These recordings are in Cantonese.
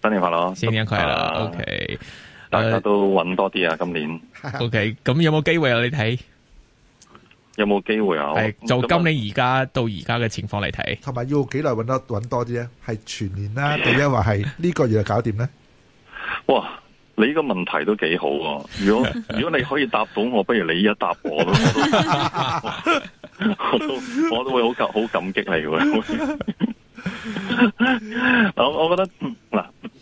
新年快樂，新年快樂，O K，大家都揾多啲啊！今年 O K，咁有冇機會啊？你睇 有冇機會啊？係就今年而家到而家嘅情況嚟睇，同埋要幾耐揾多揾多啲咧？係全年啦，定抑或係呢個月就搞掂咧？ 哇！你呢個問題都幾好，如果 如果你可以答到我，我不如你一答我咯， 我都我都會好感好感激你嘅。 我我覺得。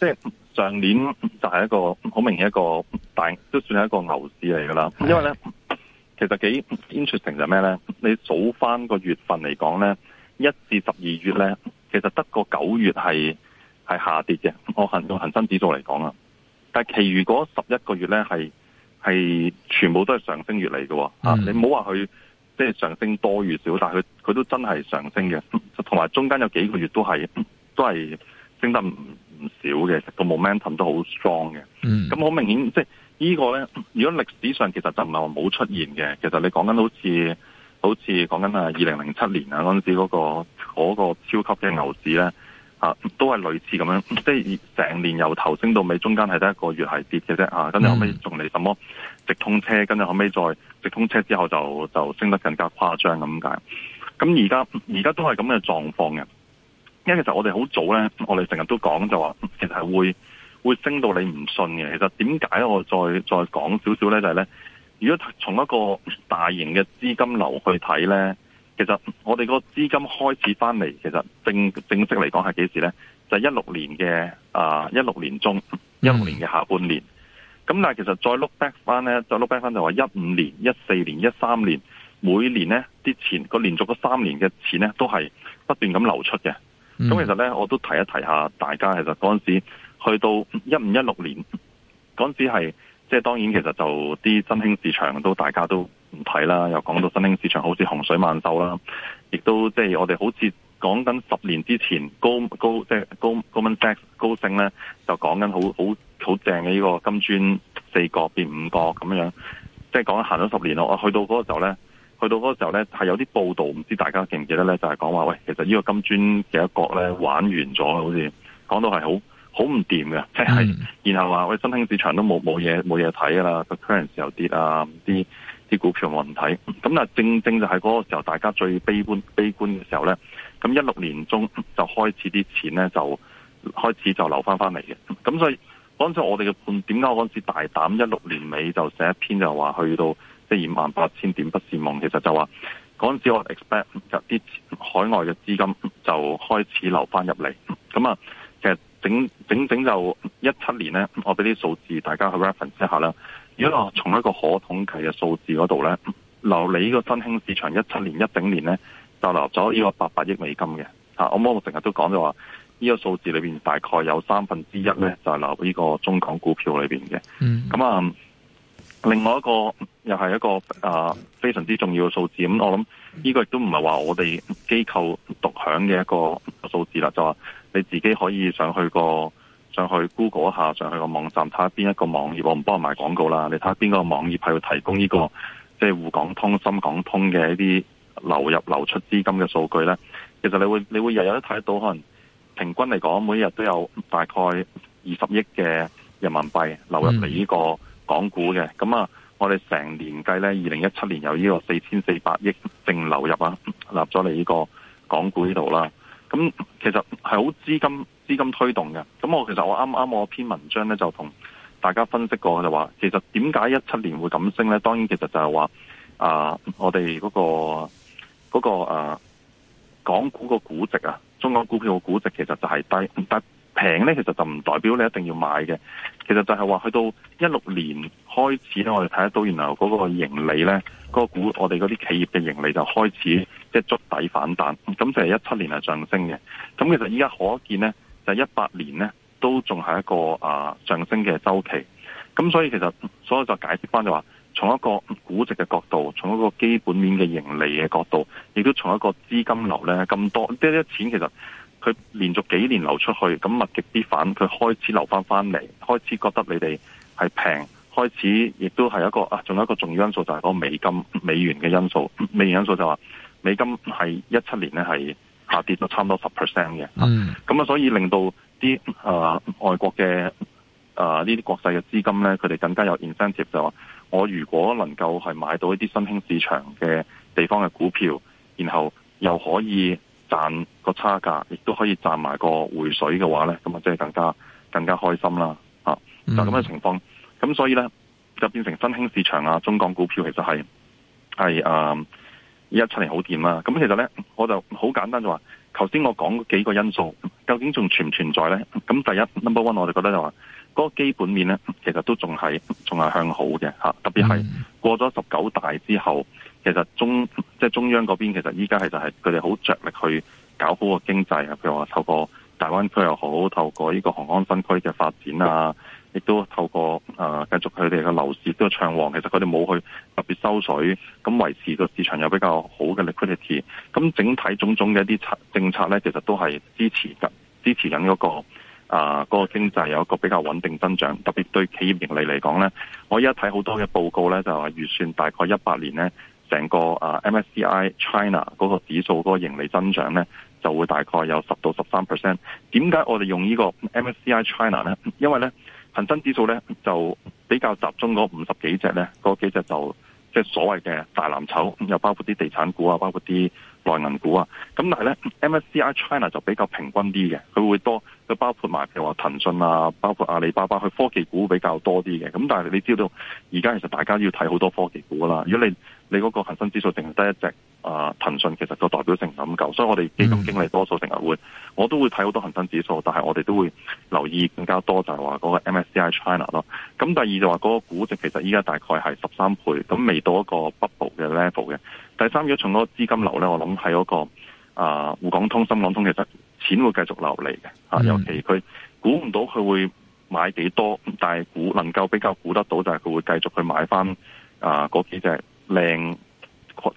即係上年就係一個好明顯一個大都算係一個牛市嚟噶啦，因為咧，其實幾 interesting 就咩咧？你數返個月份嚟講咧，一至十二月咧，其實得個九月係係下跌嘅。我用恒生指數嚟講啊，但係其餘嗰十一個月咧係係全部都係上升月嚟嘅啊！你唔好話佢即係上升多與少，但係佢佢都真係上升嘅，同埋中間有幾個月都係都係升得唔少、嗯、嘅，成個 momentum 都好 strong 嘅，咁好明顯，即係、這個、呢個咧。如果歷史上其實就唔係話冇出現嘅，其實你講緊好似好似講緊啊二零零七年啊嗰陣時嗰、那個嗰、那個超級嘅牛市咧啊，都係類似咁樣，即係成年由頭升到尾，中間係得一個月係跌嘅啫啊，跟住後尾仲嚟什麼直通車，跟住後尾再直通車之後就就升得更加誇張咁解。咁而家而家都係咁嘅狀況嘅。因為其實我哋好早咧，我哋成日都講就話，其實係會會升到你唔信嘅。其實點解咧我再再講少少咧，就係咧，如果從一個大型嘅資金流去睇咧，其實我哋個資金開始翻嚟，其實正正式嚟講係幾時咧？就係一六年嘅啊，一六年中，mm. 一六年嘅下半年。咁但係其實再 look back 翻咧，再 look back 翻就話一五年、一四年、一三年，每年咧啲錢個連續嗰三年嘅錢咧，都係不斷咁流出嘅。咁、嗯、其實咧，我都提一提一下大家，其實嗰陣時去到一五一六年，嗰陣時係即係當然，其實就啲新興市場都大家都唔睇啦，又講到新興市場好似洪水猛獸啦，亦都即係我哋好似講緊十年之前高高即係高高 min 高盛咧，就講緊好好好正嘅呢，這個金磚四國變五國咁樣，即係講緊行咗十年咯，我去到嗰個時候咧。去到嗰個時候咧，係有啲報道，唔知大家記唔記得咧？就係講話喂，其實呢個金磚嘅一角咧玩完咗，好似講到係好好唔掂嘅，即係、就是嗯、然後話喂，新興市場都冇冇嘢冇嘢睇噶啦，個 currency 又跌啊，啲啲股票冇人睇。咁啊，正正就係嗰個時候，大家最悲觀悲觀嘅時候咧，咁一六年中就開始啲錢咧就開始就流翻翻嚟嘅。咁所以嗰陣時我哋嘅判點解我嗰陣時大膽一六年尾就寫一篇就話去到。即二萬八千點不是夢，其實就話嗰陣時我 expect 有啲海外嘅資金就開始流翻入嚟。咁啊,其實整整整就一七年咧，我俾啲數字大家去 reference 一下啦。如果從一個可統計嘅數字嗰度咧，流嚟呢個新興市場一七年一整年咧，就流咗呢個八百億美金嘅。我我成日都講就話呢個數字裏邊大概有三分之一咧，就係流呢個中港股票裏邊嘅。嗯，咁啊。另外一個又係一個啊、呃，非常之重要嘅數字咁，我諗呢個亦都唔係話我哋機構獨享嘅一個數字啦，就話你自己可以上去個上去 Google 一下，上去個網站睇下邊一個網頁，我唔幫你賣廣告啦，你睇下邊個網頁係會提供呢、這個、嗯、即係滬港通、深港通嘅一啲流入流出資金嘅數據呢。其實你會你會日日都睇得到，可能平均嚟講，每日都有大概二十億嘅人民幣流入嚟呢、這個。嗯港股嘅咁啊，我哋成年計呢，二零一七年有呢個四千四百億淨流入啊，入咗嚟呢個港股呢度啦。咁其實係好資金資金推動嘅。咁我其實我啱啱我篇文章呢，就同大家分析過就話，其實點解一七年會咁升呢？當然其實就係話啊，我哋嗰、個嗰、個誒、呃、港股個估值啊，中國股票估值其實就係低唔得。平咧，其實就唔代表你一定要買嘅。其實就係話，去到一六年開始咧，我哋睇得到，原來嗰個盈利咧，嗰個股我哋嗰啲企業嘅盈利就開始即係築底反彈。咁就係一七年係上升嘅。咁其實依家可見咧，就係一八年咧都仲係一個啊、呃、上升嘅週期。咁所以其實，所以就解釋翻就話、是，從一個估值嘅角度，從一個基本面嘅盈利嘅角度，亦都從一個資金流咧咁多，即係啲錢其實。佢連續幾年流出去，咁密極啲反，佢開始流翻翻嚟，開始覺得你哋係平，開始亦都係一個啊，仲有一個重要因素就係嗰個美金、美元嘅因素，美元因素就話美金係一七年咧係下跌到差唔多十 percent 嘅，咁啊，嗯、所以令到啲啊、呃、外國嘅啊、呃、呢啲國際嘅資金咧，佢哋更加有 incentive，就話、是、我如果能夠係買到一啲新興市場嘅地方嘅股票，然後又可以。賺個差價，亦都可以賺埋個回水嘅話咧，咁啊，即係更加更加開心啦！吓、嗯，就咁嘅情況，咁所以咧就變成新興市場啊，中港股票其實係係、呃、啊，一七年好掂啦。咁其實咧，我就好簡單就話，頭先我講嗰幾個因素，究竟仲存唔存在咧？咁第一，number one，我哋覺得就話嗰個基本面咧，其實都仲係仲係向好嘅吓，特別係過咗十九大之後。其實中即係中央嗰邊，其實依家係就係佢哋好着力去搞好個經濟啊。譬如話透過大灣區又好，透過呢個雄安新區嘅發展啊，亦都透過誒繼、呃、續佢哋嘅樓市都暢旺。其實佢哋冇去特別收水，咁維持個市場有比較好嘅 liquidity。咁整體種種嘅一啲政策咧，其實都係支持緊支持緊嗰、嗰個啊、呃嗰個經濟有一個比較穩定增長。特別對企業盈利嚟講咧，我而家睇好多嘅報告咧，就話預算大概一八年咧。整個啊 MSCI China 嗰個指數嗰個盈利增長咧，就會大概有十到十三 percent。點解我哋用呢個 MSCI China 咧？因為咧恒生指數咧就比較集中嗰五十幾隻咧，嗰幾隻就即係、就是、所謂嘅大藍籌，又包括啲地產股啊，包括啲內銀股啊。咁但係咧 MSCI China 就比較平均啲嘅，佢會多。包括埋譬如話騰訊啊，包括阿里巴巴，佢科技股比較多啲嘅。咁但係你知道到而家其實大家要睇好多科技股啦。如果你你嗰個恆生指數淨係得一隻啊、呃、騰訊，其實個代表性唔咁夠。所以我哋基金經理多數成日會，我都會睇好多恆生指數，但係我哋都會留意更加多就係話嗰個 MSCI China 咯。咁第二就話嗰個估值其實依家大概係十三倍，咁未到一個 bubble 嘅 level 嘅。第三如果從嗰資金流咧，我諗喺嗰個啊、呃、滬港通深港通其實。錢會繼續流嚟嘅，尤其佢估唔到佢會買幾多，但係估能夠比較估得到，就係佢會繼續去買翻啊嗰幾隻靚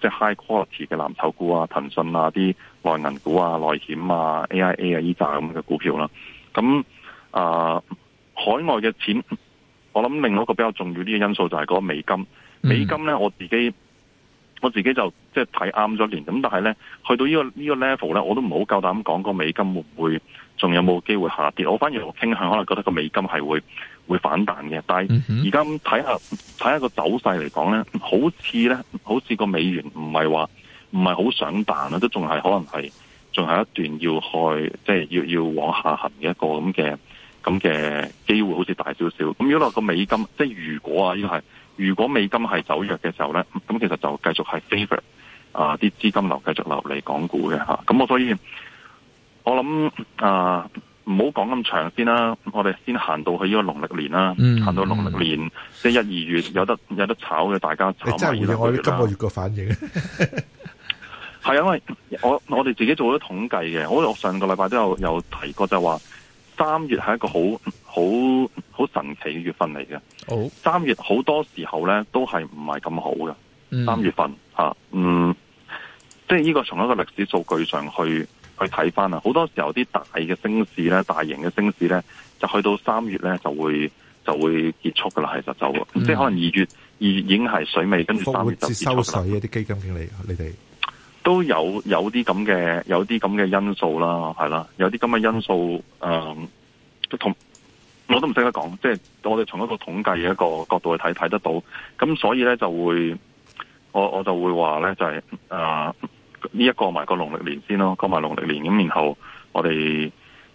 即係 high quality 嘅藍籌股啊，騰訊啊啲內銀股啊，內險啊，AIA 啊 e 站咁嘅股票啦。咁啊、呃，海外嘅錢，我諗另外一個比較重要啲嘅因素就係嗰個美金，美金咧我自己。我自己就即係睇啱咗年，咁、就是、但係咧，去到呢、呢個呢、呢個 level 咧，我都唔好夠膽講個美金會唔會仲有冇機會下跌？我反而我傾向可能覺得個美金係會會反彈嘅。但係而家睇下睇下個走勢嚟講咧，好似咧，好似個美元唔係話唔係好上彈，都仲係可能係仲係一段要去即係、就是、要要往下行嘅一個咁嘅咁嘅機會好點點，好似大少少。咁如果個美金即係、就是、如果啊，呢個係。如果美金係走弱嘅時候咧，咁其實就繼續係 favourite 啊，啲資金流繼續流嚟港股嘅吓。咁、啊、我所以，我諗啊，唔好講咁長先啦、啊。我哋先行到去呢個農曆年啦、啊，行、嗯、到農曆年、嗯、即係一二月有得有得炒嘅，大家炒埋呢個月啦。今個月嘅反應係 因為我我哋自己做咗統計嘅，我上個禮拜都有有提過就係話三月係一個好。好好神奇嘅月份嚟嘅，oh. 三月好多時候咧都係唔係咁好嘅。Mm. 三月份、啊、嗯，即係呢個從一個歷史數據上去去睇返啊，好多時候啲大嘅升市咧，大型嘅升市咧，就去到三月咧就會就會結束噶啦，其實就、mm. 即係可能二月二月已經係水尾，跟住三月就結束收手。一啲基金經理，你哋都有有啲咁嘅有啲咁嘅因素啦，係啦，有啲咁嘅因素，誒，同。嗯我都唔識得講，即係我哋從一個統計嘅一個角度去睇睇得到，咁所以咧就會，我我就會話咧就係，誒呢一個埋個農曆年先咯，過埋農曆年，咁然後我哋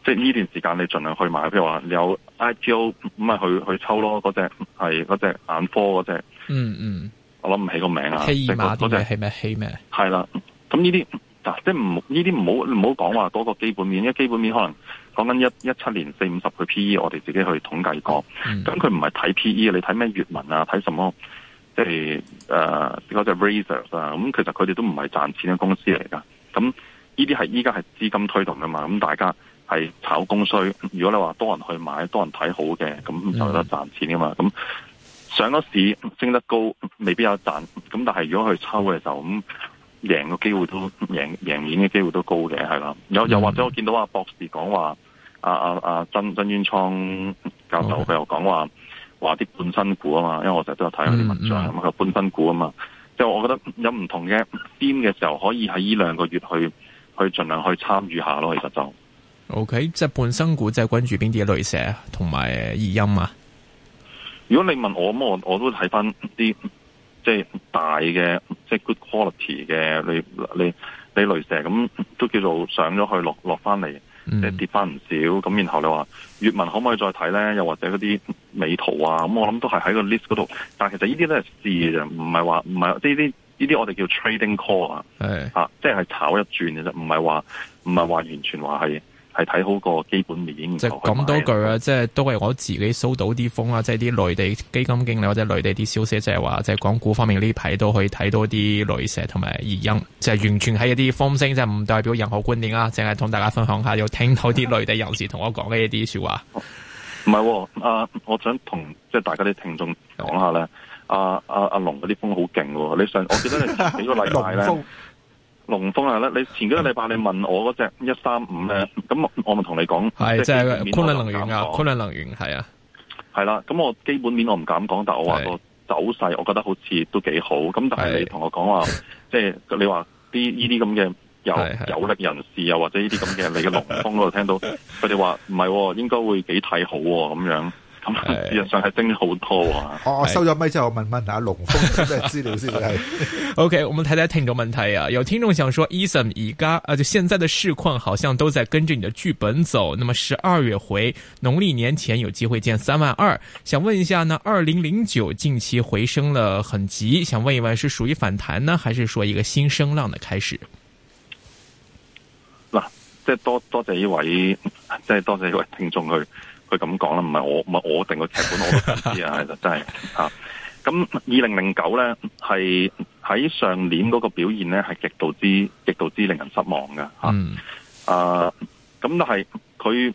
即係呢段時間你盡量去買，譬如話有 IPO 咁咪去去抽咯，嗰隻係嗰隻眼科嗰隻，嗯嗯，我諗唔起個名啊，嗰隻係咩？係咩？係啦，咁呢啲，即係唔呢啲唔好唔好講話嗰個基本面，因為基本面可能。講緊一一七年四五十個 P E，我哋自己去統計過。咁佢唔係睇 P E 你睇咩月文啊？睇什麼？即係誒嗰、呃、隻、那個、Razer 啊。咁、嗯、其實佢哋都唔係賺錢嘅公司嚟噶。咁呢啲係依家係資金推動㗎嘛。咁、嗯、大家係炒供需。如果你話多人去買，多人睇好嘅，咁就得賺錢噶嘛。咁、嗯嗯、上咗市升得高，未必有賺。咁但係如果去抽嘅時候，咁贏嘅機會都贏贏面嘅機會都高嘅，係啦。有又或者我見到阿、啊嗯、博士講話。啊啊啊，曾曾淵滄教授佢又講話話啲半新股啊嘛，因為我成日都有睇佢啲文章咁啊，嗯、半新股啊嘛，即、嗯、係我覺得有唔同嘅癲嘅時候，可以喺呢兩個月去去盡量去參與下咯，其實就 OK，即係半新股就，即係關注邊啲嘅雷蛇同埋異音啊？如果你問我咁，我我都睇翻啲即係大嘅，即係 good quality 嘅，你你你雷蛇咁都叫做上咗去落落翻嚟。即、嗯、係跌翻唔少，咁然後你話粵文可唔可以再睇咧？又或者嗰啲美圖啊，咁、嗯、我諗都係喺個 list 嗰度。但係其實呢啲都係試嘅啫，唔係話唔係呢啲呢啲我哋叫 trading call 啊，吓即係炒一轉嘅啫，唔係話唔係話完全話係。係睇好個基本面，即係咁多句啊！即、就、係、是、都係我自己收到啲風啊，即係啲內地基金經理或者內地啲消息就是說，就係話，即係港股方面呢排都可以睇到啲雷蛇同埋疑音，即、就、係、是、完全係一啲風聲，即係唔代表任何觀點啊！淨係同大家分享下，要聽到啲內地人士同我講嘅一啲說話。唔 係，喎、啊，我想同即係大家啲聽眾講下咧、啊，阿阿阿龍嗰啲風好勁喎！你上，我記得你前幾個禮拜咧。 龍峰啊！咧，你前幾個禮拜你問我嗰隻一三五咧，咁我咪同你講，係即係昆崙能源啊，昆崙能源係啊，係啦。咁我基本面我唔敢講，但係我話個走勢，我覺得好似都幾好。咁但係你同我講話，即係、就是、你話啲呢啲咁嘅有有力人士，又或者呢啲咁嘅，你嘅龍峰嗰度聽到佢哋話唔係，應該會幾睇好咁樣。事實 上係升好多啊！哦，收咗麥之後問一問阿龍峰有咩資料先？O K，我們睇睇聽眾問題啊！有聽眾想說，Eason 而家，啊，就現在的市況好像都在跟着你的劇本走。那麼十二月回農曆年前有機會見三萬二，想問一下呢？二零零九近期回升了很急，想問一問是屬於反彈呢，還是說一個新升浪的開始？嗱，即係多多謝呢位，即係多謝呢位聽眾去。佢咁講啦，唔係我唔係我定個劇本，我都知啊，係 啦，真係啊。咁二零零九咧，係喺上年嗰個表現咧，係極度之極度之令人失望嘅吓、嗯。啊，咁但係佢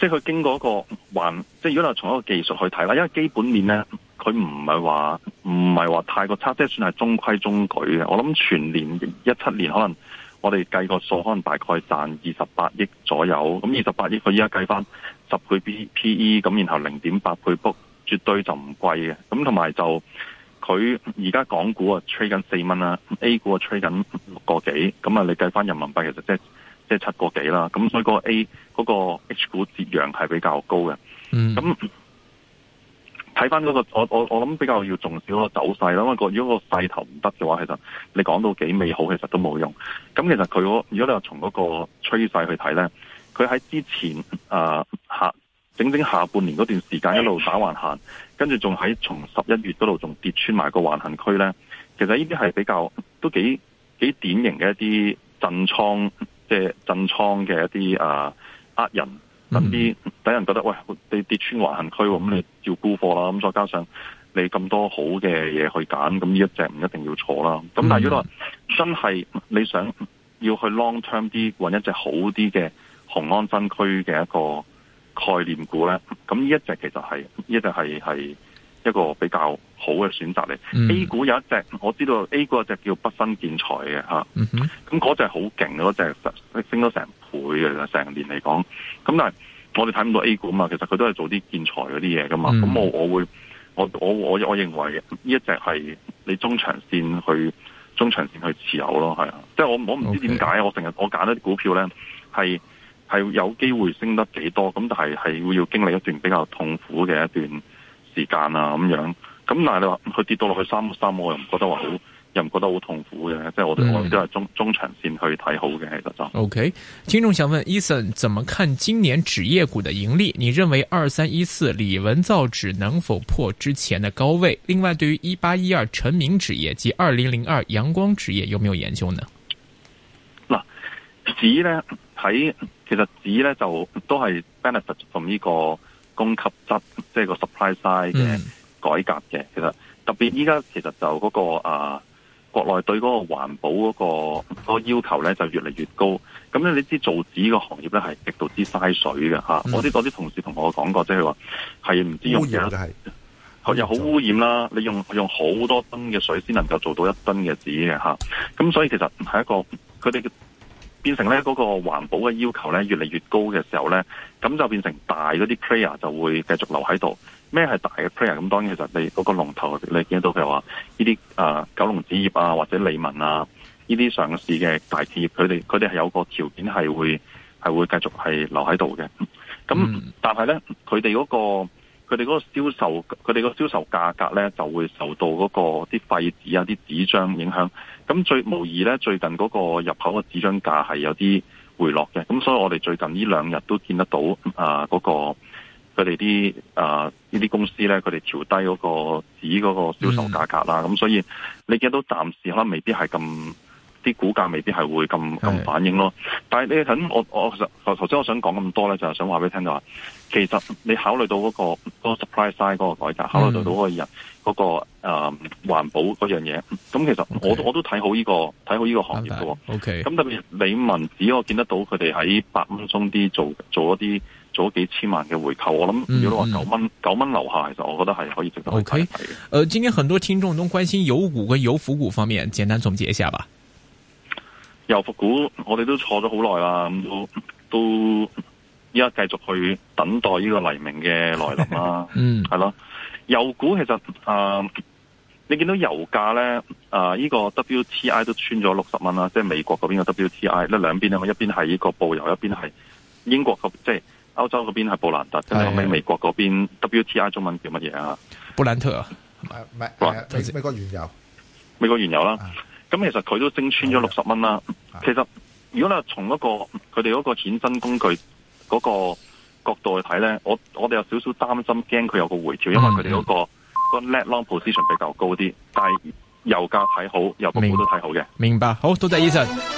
即係佢經過一個環，即係如果你從一個技術去睇啦，因為基本面咧，佢唔係話唔係話太過差，即係算係中規中矩嘅。我諗全年一七年可能。我哋計個數，可能大概賺二十八億左右，咁二十八億佢依家計翻十倍 PE，咁然後零點八倍 book 絕對就唔貴嘅，咁同埋就佢而家港股啊，吹緊四蚊啦，A 股啊吹緊六個幾，咁啊你計翻人民幣其實即係即係七個幾啦，咁所以個 A 嗰個 H 股折讓係比較高嘅，咁、嗯。睇翻嗰個，我我我諗比較要重少個走勢。因為如果個勢頭唔得嘅話，其實你講到幾美好，其實都冇用。咁其實佢如果你話從嗰個趨勢去睇咧，佢喺之前下、啊、整整下半年嗰段時間一路打橫行，跟住仲喺從十一月嗰度仲跌穿埋個橫行區咧。其實呢啲係比較都幾幾典型嘅一啲震倉，即係震倉嘅一啲啊呃人。等啲等人覺得喂，你跌穿橫行區喎，咁、嗯、你要沽貨啦。咁再加上你咁多好嘅嘢去揀，咁呢一隻唔一定要錯啦。咁但係如果真係你想要去 long term 啲揾一隻好啲嘅雄安新區嘅一個概念股咧，咁呢一隻其實係呢隻係係一個比較。好嘅選擇嚟、嗯、，A 股有一隻我知道 A 股有一隻叫北新建材嘅，吓咁嗰隻好勁嗰隻，升咗成倍嘅成年嚟講。咁但係我哋睇唔到 A 股啊嘛，其實佢都係做啲建材嗰啲嘢噶嘛。咁、嗯、我我會我我我我認為呢一隻係你中長線去中長線去持有咯，係啊。即係我我唔知點解、okay。我成日我揀一啲股票咧係係有機會升得幾多，咁但係係會要經歷一段比較痛苦嘅一段時間啊咁樣。咁嗱，你話佢跌到落去三三，我又唔覺得話好，又唔覺得好痛苦嘅，即、嗯、係我我都係中中長線去睇好嘅其度就是。O、okay. K，聽眾想問 Eason，怎麼看今年紙業股的盈利？你認為二三一四李文造紙能否破之前的高位？另外，對於一八一二晨明紙業及二零零二陽光紙業，有沒有研究呢？嗱、嗯，紙咧喺其實紙咧就都係 benefit 從呢個供給側即係個 supply side 嘅。改革嘅，其實特別依家其實就嗰、嗰個啊，國內對嗰個環保嗰、嗰個、嗰個要求咧就越嚟越高。咁咧，你知造紙呢個行業咧係極度之嘥水嘅吓、嗯。我啲我啲同事同我講過，即係話係唔知用嘢咯，係又好污染啦。染你用用好多噸嘅水先能夠做到一噸嘅紙嘅吓。咁所以其實係一個佢哋變成咧嗰個環保嘅要求咧越嚟越高嘅時候咧，咁就變成大嗰啲 player 就會繼續留喺度。咩係大嘅 player？咁當然其實你嗰個龍頭，你見到佢話，呢啲、呃、九龍紙業啊，或者利民啊，呢啲上市嘅大企業，佢哋佢哋係有個條件係會係會繼續係留喺度嘅。咁但係咧，佢哋嗰個佢哋嗰個銷售佢哋個銷售價格咧，就會受到嗰個啲廢紙啊、啲紙張影響。咁最無疑咧，最近嗰個入口嘅紙張價係有啲回落嘅。咁所以我哋最近呢兩日都見得到嗰、呃、嗰個。佢哋啲啊呢啲公司咧，佢哋調低嗰個紙嗰個銷售價格啦，咁、嗯、所以你見到暫時可能未必係咁啲股價，未必係會咁咁、嗯、反應咯。但係你等我我其實頭先我想講咁多咧，就係、是、想話俾你聽就話，其實你考慮到嗰、那個、那個、supply side 嗰個改革，嗯、考慮到到嗰日嗰個人、那個呃、環保嗰樣嘢，咁其實我都、okay，我都睇好呢、這個睇好呢個行業嘅喎。O K。咁、okay、特別你文紙，我見得到佢哋喺八蚊中啲做做一啲。咗幾千萬嘅回購，我諗如果話九蚊、嗯、九蚊樓下，其實我覺得係可以值得去睇嘅。O K，誒，今天很多聽眾都關心油股跟油服股方面，簡單總結一下吧。油服股我哋都坐咗好耐啦，咁都依家繼續去等待呢個黎明嘅來臨啦。 嗯，係咯，油股其實誒、呃，你見到油價咧，誒、呃、呢、這個 W T I 都穿咗六十蚊啦，即、就、係、是、美國嗰邊嘅 W T I，咧兩邊咧，我一邊係呢個布油，一邊係英國即係。就是歐洲嗰邊係布蘭特，跟住後尾美國嗰邊、啊、WTI 中文叫乜嘢啊？布蘭特啊，係咪？美國原油，美國原油啦。咁、啊、其實佢都升穿咗六十蚊啦、啊。其實如果你從嗰個佢哋嗰個衍生工具嗰個角度去睇咧，我我哋有少少擔心，驚佢有個回調，嗯、因為佢哋嗰個、嗯嗰個 net long position 比較高啲。但係油價睇好，油股都睇好嘅。明白。好，多謝 Eason。